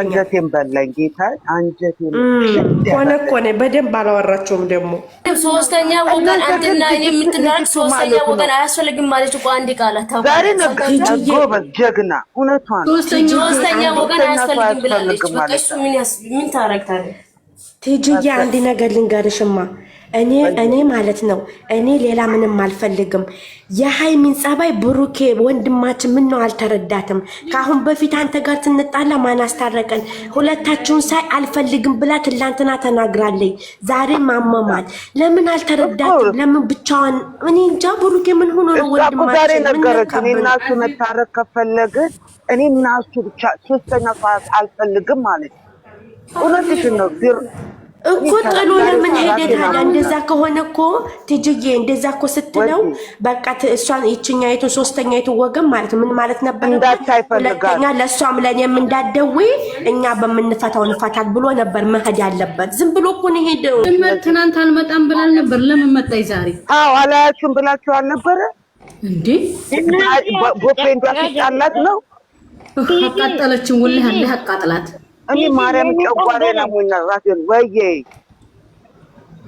አንጀቴን በላኝ ጌታ አንጀቴን ኮነኮነ። በደንብ አላወራቸውም። ደግሞ ሶስተኛ ወገን አንተና የምትናረግ ሶስተኛ ወገን አያስፈልግም ማለት እኮ አንድ ቃል ጎበዝ ጀግና። እውነቷን ሶስተኛ ወገን አያስፈልግም ብላለች። ምን ታረግታለች ትጅዬ? አንድ ነገር ልንገርሽማ እኔ እኔ ማለት ነው እኔ ሌላ ምንም አልፈልግም። የሀይሚን ጸባይ ብሩኬ ወንድማችን ምን ነው አልተረዳትም። ከአሁን በፊት አንተ ጋር ትንጣላ ማን አስታረቀን? ሁለታችሁን ሳይ አልፈልግም ብላ ትላንትና ተናግራለኝ። ዛሬ ማመማል። ለምን አልተረዳትም? ለምን ብቻዋን? እኔ እንጃ። ብሩኬ ምን ሆኖ ነው ወንድማችን? እኔ እና መታረቅ ከፈለግ እኔ እና ብቻ ሶስተኛ ሰዓት አልፈልግም ማለት እውነትሽን ነው እኮ ጥሎ ለምን ሄደ ታዲያ? እንደዛ ከሆነ እኮ ትጅዬ እንደዛ እኮ ስትለው በቃ እሷን ሶስተኛ ሶስተኛይቱ ወገን ማለት ምን ማለት ነበር? ሁለተኛ ለእሷም ለእኔም እንዳትደዊ እኛ በምንፈታው እንፈታል ብሎ ነበር መሄድ ያለበት። ዝም ብሎ እኮ ነው ሄደው። ትናንት አልመጣም ብላል ነበር። ለምን መጣይ ዛሬ? አዎ አላያችሁም ብላችሁ አልነበረ እንዴ? ቦፌ እንዲያስጣላት ነው አቃጠለችን። ውልህ አለህ አቃጥላት እኔ ማርያም ጨጓሬ ለሙኝ ራሴን ወይዬ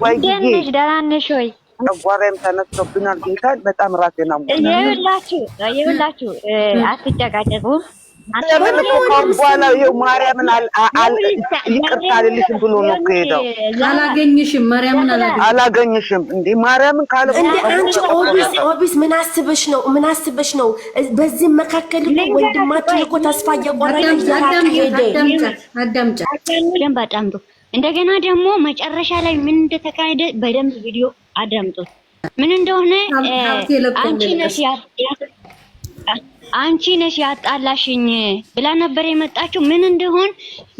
ወይዬ ደህና ነሽ ወይ? ጨጓሬም ተነስቶብኛል። ጌታ በጣም ራሴን አሙኝ። ይኸውላችሁ ይኸውላችሁ አትጨቃጨቁም በኋላ ይኸው ማርያምን ይቅርታ አልልሽም ብሎ ነው እኮ አላገኝሽም ማርያምን አላገኝሽም እንደ ማርያምን ካለ አንቺ ኦቢስ ኦቢስ ምን አስበሽ ነው? ምን አስበሽ ነው? በዚህ መካከል እኮ ወንድማችን እኮ ተስፋ እየቆረጠ እንደገና ደግሞ መጨረሻ ላይ ምን እንደተካሄደ በደንብ ቪዲዮ አዳምጡት። ምን እንደሆነ አንቺ ነሽ አንቺ ነሽ ያጣላሽኝ ብላ ነበር የመጣችው። ምን እንደሆን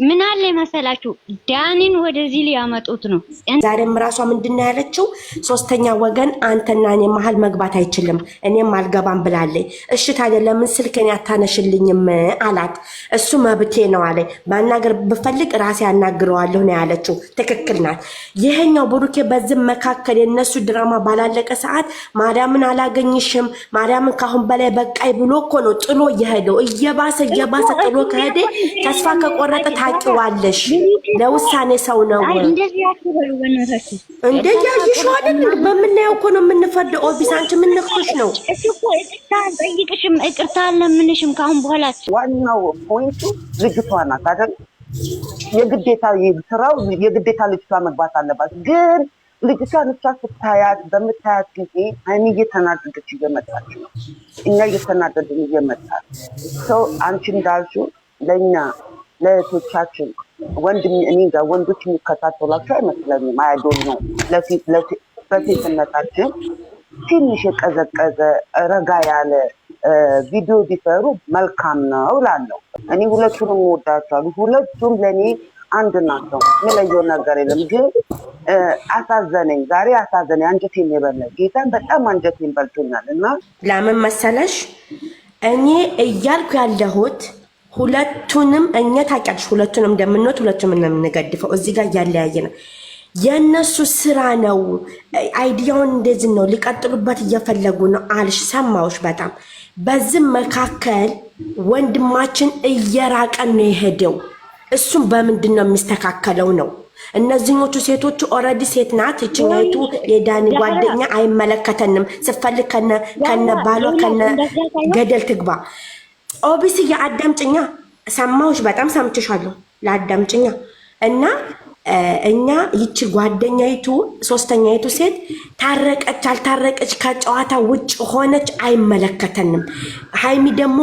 ምን አለ መሰላችሁ ዳኒን ወደዚህ ሊያመጡት ነው። ዛሬም ራሷ ምንድነው ያለችው? ሶስተኛ ወገን አንተና እኔ መሀል መግባት አይችልም፣ እኔም አልገባም ብላለች። እሺ ታዲያ ለምን ስልኬን ያታነሽልኝም አላት። እሱ መብቴ ነው አለ። ማናገር ብፈልግ ራሴ ያናግረዋለሁ ነው ያለችው። ትክክል ናት። ይሄኛው ብሩኬ በዚህ መካከል የነሱ ድራማ ባላለቀ ሰዓት ማዳምን አላገኝሽም፣ ማዳምን ካሁን በላይ በቃይ ብሎ እኮ ነው ጥሎ የሄደው። እየባሰ እየባሰ ጥሎ ከሄደ ተስፋ ከቆረጠ ታቂዋለሽ። ለውሳኔ ሰው ነው እንደ ያይሽ አይደል? በምናየው እኮ ነው የምንፈርደው። ኦቢስ አንቺ የምንክቶሽ ነው። ጠይቅሽም ይቅርታ አለምንሽም ከአሁን በኋላ ዋናው ፖይንቱ ልጅቷ ናት አይደል? የግዴታ ስራው የግዴታ ልጅቷ መግባት አለባት ግን ልጅቷን እሷ ስታያት በምታያት ጊዜ ሀይሚ እየተናደደች እየመጣች ነው። እኛ እየተናደድን እየመጣ ሰው አንቺ እንዳልሹ ለእኛ ለእህቶቻችን ወንድም እኔ ጋር ወንዶች የሚከታተሏቸው አይመስለኝም። አያዶል ነው በሴትነታችን ትንሽ የቀዘቀዘ ረጋ ያለ ቪዲዮ ቢሰሩ መልካም ነው እላለሁ። እኔ ሁለቱንም እወዳቸዋለሁ። ሁለቱም ለእኔ አንድ ናቸው። የሚለየው ነገር የለም። ግን አሳዘነኝ፣ ዛሬ አሳዘነኝ። አንጀቴን የበላ ጌታን በጣም አንጀቴን በልቶኛል። እና ለምን መሰለሽ እኔ እያልኩ ያለሁት ሁለቱንም እኛ ታውቂያለሽ፣ ሁለቱንም እንደምንወት ሁለቱንም እንደምንገድፈው እዚህ ጋር እያለያየ ነው። የእነሱ ስራ ነው። አይዲያውን እንደዚህ ነው ሊቀጥሉበት እየፈለጉ ነው አልሽ፣ ሰማሁሽ። በጣም በዚህ መካከል ወንድማችን እየራቀን ነው የሄደው። እሱም በምንድን ነው የሚስተካከለው ነው። እነዚህኞቹ ሴቶቹ ኦልሬዲ ሴት ናት። ይችኛቱ የዳኒ ጓደኛ አይመለከተንም። ስፈልግ ከነ ባሏ ከነ ገደል ትግባ። ኦቢሲ የአዳምጭኛ ሰማዎች በጣም ሰምችሻለሁ። ለአዳምጭኛ እና እኛ ይቺ ጓደኛይቱ ሶስተኛይቱ ሴት ታረቀች አልታረቀች ከጨዋታ ውጭ ሆነች አይመለከተንም። ሀይሚ ደግሞ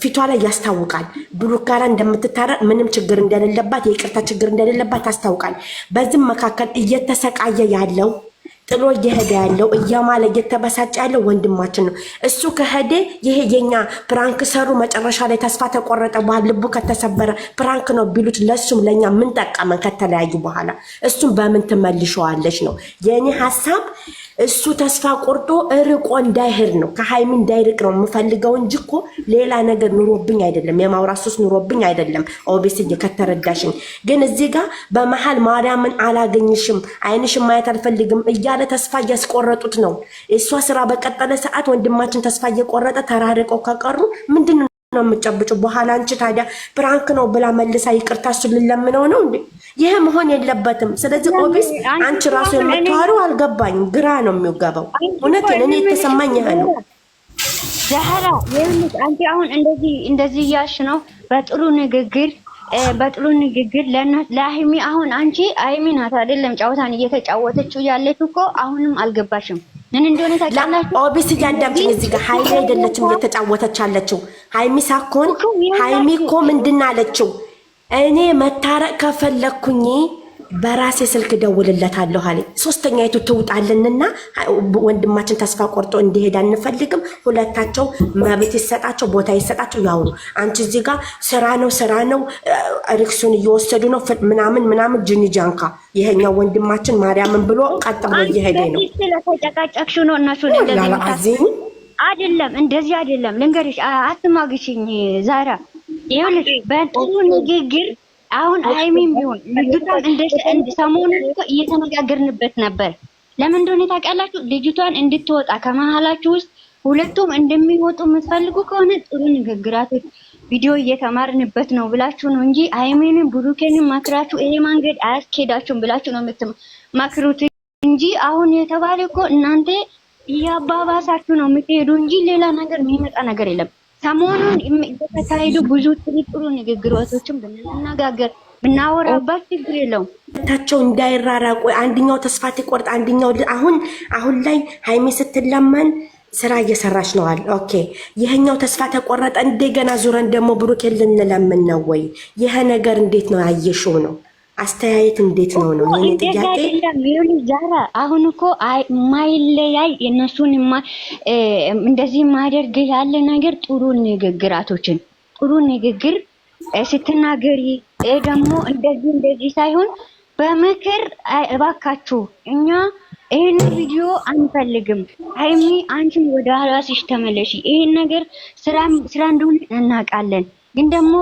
ፊቷ ላይ ያስታውቃል። ብሩክ ጋር እንደምትታረቅ ምንም ችግር እንደሌለባት የይቅርታ ችግር እንደሌለባት ያስታውቃል። በዚህም መካከል እየተሰቃየ ያለው ጥሎ እየሄደ ያለው እያማለ እየተበሳጨ ያለው ወንድማችን ነው። እሱ ከሄደ ይሄ የኛ ፕራንክ ሰሩ። መጨረሻ ላይ ተስፋ ተቆረጠ በኋላ ልቡ ከተሰበረ ፕራንክ ነው ቢሉት ለሱም ለእኛ ምን ጠቀመን? ከተለያዩ በኋላ እሱም በምን ትመልሸዋለች ነው የእኔ ሀሳብ። እሱ ተስፋ ቆርጦ እርቆ እንዳይሄድ ነው ከሀይሚ እንዳይርቅ ነው የምፈልገው እንጂ እኮ ሌላ ነገር ኑሮብኝ አይደለም፣ የማውራት ሶስት ኑሮብኝ አይደለም። ኦቤስ ከተረዳሽኝ ግን እዚህ ጋር በመሀል ማርያምን አላገኝሽም፣ አይንሽም ማየት አልፈልግም እያለ እያለ ተስፋ እያስቆረጡት ነው። እሷ ስራ በቀጠለ ሰዓት ወንድማችን ተስፋ እየቆረጠ ተራርቀው ከቀሩ ምንድን ነው የምጨብጩ? በኋላ አንቺ ታዲያ ፕራንክ ነው ብላ መልሳ ይቅርታ እሱን ልለምነው ነው እንዴ? ይህ መሆን የለበትም። ስለዚህ ኦቢስ አንቺ ራሱ የምትዋሩ አልገባኝም፣ ግራ ነው የሚገባው። እውነትን እኔ የተሰማኝ ይህ ነው። ዛህራ ይህ አንቺ አሁን እንደዚህ እንደዚህ እያልሽ ነው በጥሩ ንግግር በጥሩ ንግግር ለሀይሚ አሁን አንቺ ሀይሚ ናት አይደለም ጫወታን እየተጫወተችው ያለች እኮ አሁንም አልገባሽም ምን እንደሆነ ታውቃላችሁ። ኦቢሲ እያዳምጪኝ እዚህ ጋር ሀይሚ አይደለችም እየተጫወተች አለችው። ሀይሚ ሳኮን ሀይሚ እኮ ምንድን አለችው? እኔ መታረቅ ከፈለግኩኝ በራሴ ስልክ ደውልለታለሁ ሶስተኛ ይቱ ትውጣልንና ወንድማችን ተስፋ ቆርጦ እንዲሄድ አንፈልግም። ሁለታቸው መብት ይሰጣቸው፣ ቦታ ይሰጣቸው። ያው አንቺ እዚህ ጋር ስራ ነው ስራ ነው ሪክሱን እየወሰዱ ነው ምናምን ምናምን። ጅኒ ጃንካ ይሄኛው ወንድማችን ማርያምን ብሎ ቀጥ ብሎ እየሄደ ነው። ስለተጨቃጨቅሽ ነው እነሱ እንደዚህ አይደለም፣ እንደዚህ አይደለም። ልንገርሽ፣ አትማግሽኝ ዛራ ይሁን በጥሩ ንግግር አሁን ሀይሚም ቢሆን ልጅቷን እንደ ሰሞኑን እኮ እየተነጋገርንበት ነበር። ለምን እንደሆነ ታውቃላችሁ? ልጅቷን እንድትወጣ ከመሀላችሁ ውስጥ ሁለቱም እንደሚወጡ የምትፈልጉ ከሆነ ጥሩ ንግግራቶች፣ ቪዲዮ እየተማርንበት ነው ብላችሁ ነው እንጂ ሀይሜንም ብሩኬንም ማክራችሁ ይሄ መንገድ አያስኬዳችሁም ብላችሁ ነው የምትማክሩት እንጂ አሁን የተባለ እኮ እናንተ እያባባሳችሁ ነው የምትሄዱ እንጂ ሌላ ነገር የሚመጣ ነገር የለም። ሰሞኑን የተካሄዱ ብዙ ጥሩ ንግግሮቶችን ብንነጋገር ብናወራባት ችግር የለው። ታቸው እንዳይራራቁ አንድኛው ተስፋ ትቆርጥ አንድኛው አሁን አሁን ላይ ሀይሜ ስትለመን ስራ እየሰራች ነዋል። ኦኬ ይህኛው ተስፋ ተቆረጠ። እንደገና ዙረን ደግሞ ብሩኬን ልንለምን ነው ወይ? ይሄ ነገር እንዴት ነው ያየሽው ነው አስተያየት እንዴት ነው ነው ይሄን ጥያቄ ዛራ አሁን እኮ ማይለያይ የእነሱን እንደዚህ ማደርግ ያለ ነገር ጥሩ ንግግራቶችን ጥሩ ንግግር ስትናገሪ ደግሞ እንደዚህ እንደዚህ ሳይሆን በምክር እባካችሁ እኛ ይህን ቪዲዮ አንፈልግም። ሀይሚ አንቺም ወደ ራስሽ ተመለሺ። ይህን ነገር ስራ እንደሆነ እናውቃለን። ግን ደግሞ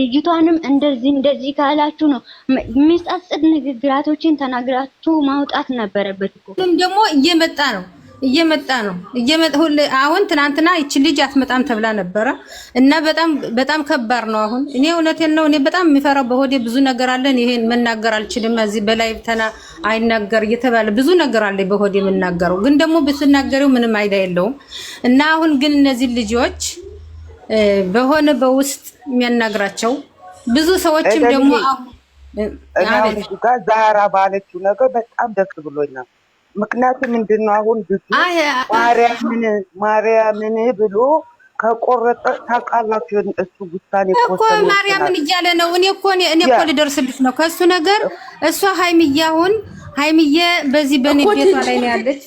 ልጅቷንም እንደዚህ እንደዚህ ካላችሁ ነው የሚጻጽድ ንግግራቶችን ተናግራችሁ ማውጣት ነበረበት ሁሉም ደግሞ እየመጣ ነው እየመጣ ነው እየመጣ አሁን ትናንትና ይቺ ልጅ አትመጣም ተብላ ነበረ እና በጣም በጣም ከባድ ነው። አሁን እኔ እውነቴን ነው፣ እኔ በጣም የሚፈራው በሆዴ ብዙ ነገር አለን። ይሄን መናገር አልችልም። እዚህ በላይ ተና አይናገር እየተባለ ብዙ ነገር አለ በሆዴ የምናገረው፣ ግን ደግሞ ብትናገሪው ምንም አይዳ የለውም እና አሁን ግን እነዚህ ልጆች በሆነ በውስጥ የሚያናግራቸው ብዙ ሰዎችም ደግሞ ዛራ ባለችው ነገር በጣም ደስ ብሎኛል። ምክንያቱም ምንድን ነው አሁን ብዙ ማርያምን ማርያምን ብሎ ከቆረጠ ታውቃላችሁ፣ እሱ ውሳኔ እኮ ማርያምን እያለ ነው። እኔ እኮ እኔ እኮ ልደርስልሽ ነው ከእሱ ነገር። እሷ ሀይምዬ አሁን ሀይምዬ በዚህ በኔ ቤቷ ላይ ነው ያለች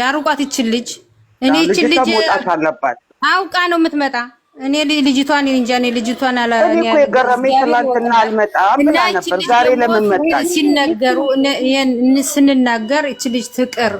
ያርቋት ይችል ልጅ እኔ ይችል ልጅ መውጣት አለባት አውቃ ነው የምትመጣ። እኔ ልጅቷን እንጃ እኔ ልጅቷን አላ እኔ እኮ የገረመኝ ትላንትና አልመጣም ብላ ነበር። ዛሬ ለምን መጣች ሲነገሩ ስንናገር እች ልጅ ትቅር